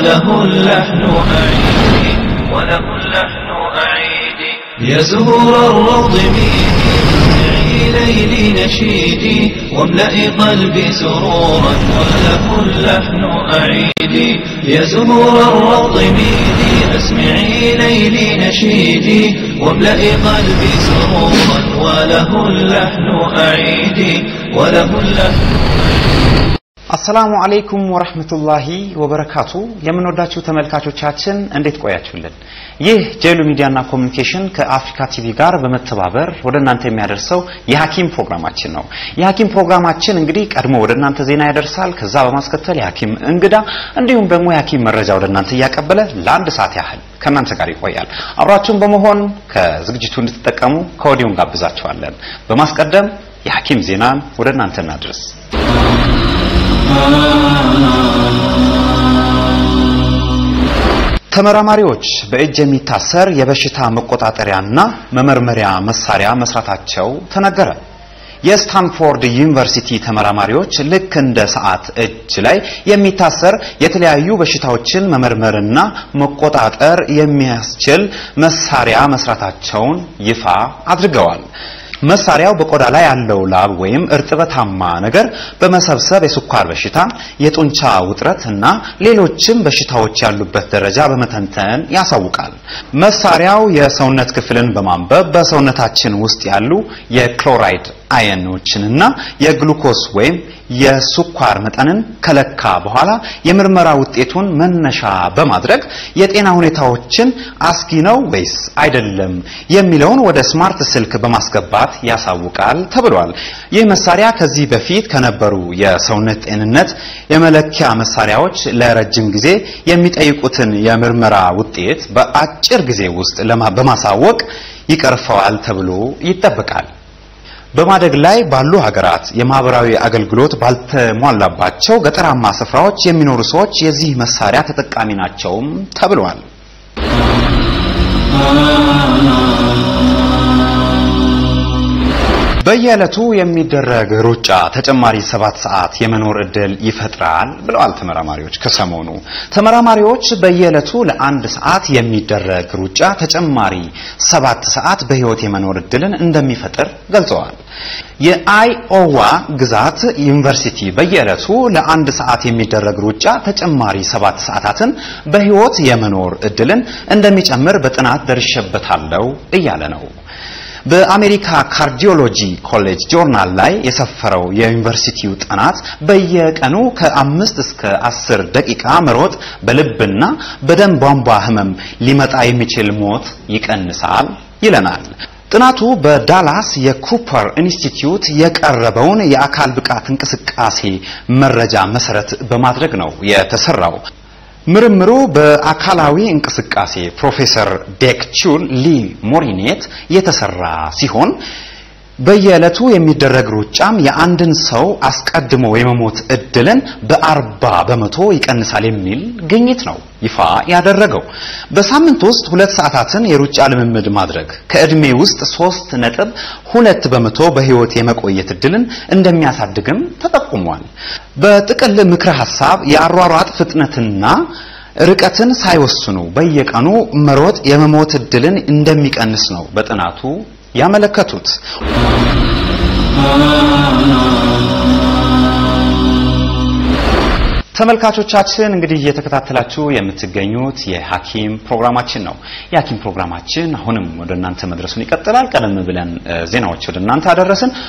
وله اللحن أعيدي وله اللحن أعيدي يا زهور الروض ميدي ليلي نشيدي واملأ قلبي سرورا وله اللحن أعيدي يا زهور الروض ميدي أسمعي ليلي نشيدي واملأ قلبي سرورا وله اللحن أعيدي وله اللحن አሰላሙ አለይኩም ወራህመቱላሂ ወበረካቱ። የምንወዳችሁ ተመልካቾቻችን እንዴት ቆያችሁልን? ይህ ጄሉ ሚዲያና ኮሚኒኬሽን ከአፍሪካ ቲቪ ጋር በመተባበር ወደ እናንተ የሚያደርሰው የሀኪም ፕሮግራማችን ነው። የሀኪም ፕሮግራማችን እንግዲህ ቀድሞ ወደ እናንተ ዜና ያደርሳል። ከዛ በማስከተል የሀኪም እንግዳ እንዲሁም ደግሞ የሀኪም መረጃ ወደ እናንተ እያቀበለ ለአንድ ሰዓት ያህል ከእናንተ ጋር ይቆያል። አብራችሁን በመሆን ከዝግጅቱ እንድትጠቀሙ ከወዲሁን ጋብዛችኋለን በማስቀደም የሀኪም ዜናን ወደ እናንተ እናድርስ። ተመራማሪዎች በእጅ የሚታሰር የበሽታ መቆጣጠሪያና መመርመሪያ መሳሪያ መስራታቸው ተነገረ። የስታንፎርድ ዩኒቨርሲቲ ተመራማሪዎች ልክ እንደ ሰዓት እጅ ላይ የሚታሰር የተለያዩ በሽታዎችን መመርመርና መቆጣጠር የሚያስችል መሳሪያ መስራታቸውን ይፋ አድርገዋል። መሳሪያው በቆዳ ላይ ያለው ላብ ወይም እርጥበታማ ነገር በመሰብሰብ የስኳር በሽታ፣ የጡንቻ ውጥረት እና ሌሎችም በሽታዎች ያሉበት ደረጃ በመተንተን ያሳውቃል። መሳሪያው የሰውነት ክፍልን በማንበብ በሰውነታችን ውስጥ ያሉ የክሎራይድ አየኖችንና የግሉኮስ ወይም የስኳር መጠንን ከለካ በኋላ የምርመራ ውጤቱን መነሻ በማድረግ የጤና ሁኔታዎችን አስጊ ነው ወይስ አይደለም የሚለውን ወደ ስማርት ስልክ በማስገባት ያሳውቃል ተብሏል። ይህ መሳሪያ ከዚህ በፊት ከነበሩ የሰውነት ጤንነት የመለኪያ መሳሪያዎች ለረጅም ጊዜ የሚጠይቁትን የምርመራ ውጤት በአጭር ጊዜ ውስጥ በማሳወቅ ይቀርፈዋል ተብሎ ይጠበቃል። በማደግ ላይ ባሉ ሀገራት የማህበራዊ አገልግሎት ባልተሟላባቸው ገጠራማ ስፍራዎች የሚኖሩ ሰዎች የዚህ መሳሪያ ተጠቃሚ ናቸውም ተብሏል። በየዕለቱ የሚደረግ ሩጫ ተጨማሪ ሰባት ሰዓት የመኖር እድል ይፈጥራል ብለዋል ተመራማሪዎች። ከሰሞኑ ተመራማሪዎች በየዕለቱ ለአንድ ሰዓት የሚደረግ ሩጫ ተጨማሪ ሰባት ሰዓት በሕይወት የመኖር እድልን እንደሚፈጥር ገልጸዋል። የአይኦዋ ግዛት ዩኒቨርሲቲ በየዕለቱ ለአንድ ሰዓት የሚደረግ ሩጫ ተጨማሪ ሰባት ሰዓታትን በሕይወት የመኖር እድልን እንደሚጨምር በጥናት ደርሸበታለው እያለ ነው። በአሜሪካ ካርዲዮሎጂ ኮሌጅ ጆርናል ላይ የሰፈረው የዩኒቨርሲቲው ጥናት በየቀኑ ከአምስት እስከ አስር ደቂቃ መሮጥ በልብና በደም ቧንቧ ህመም ሊመጣ የሚችል ሞት ይቀንሳል ይለናል። ጥናቱ በዳላስ የኩፐር ኢንስቲትዩት የቀረበውን የአካል ብቃት እንቅስቃሴ መረጃ መሰረት በማድረግ ነው የተሰራው። ምርምሩ በአካላዊ እንቅስቃሴ ፕሮፌሰር ዴክቹን ሊ ሞሪኔት የተሰራ ሲሆን በየዕለቱ የሚደረግ ሩጫም የአንድን ሰው አስቀድሞ የመሞት እድልን በአርባ በመቶ ይቀንሳል የሚል ግኝት ነው ይፋ ያደረገው። በሳምንት ውስጥ ሁለት ሰዓታትን የሩጫ ልምምድ ማድረግ ከእድሜ ውስጥ ሶስት ነጥብ ሁለት በመቶ በህይወት የመቆየት እድልን እንደሚያሳድግም ተጠ ጠቁሟል። በጥቅል ምክረ ሐሳብ የአሯሯጥ ፍጥነትና ርቀትን ሳይወስኑ በየቀኑ መሮጥ የመሞት እድልን እንደሚቀንስ ነው በጥናቱ ያመለከቱት። ተመልካቾቻችን እንግዲህ እየተከታተላችሁ የምትገኙት የሐኪም ፕሮግራማችን ነው። የሐኪም ፕሮግራማችን አሁንም ወደ እናንተ መድረሱን ይቀጥላል። ቀደም ብለን ዜናዎች ወደ እናንተ አደረስን።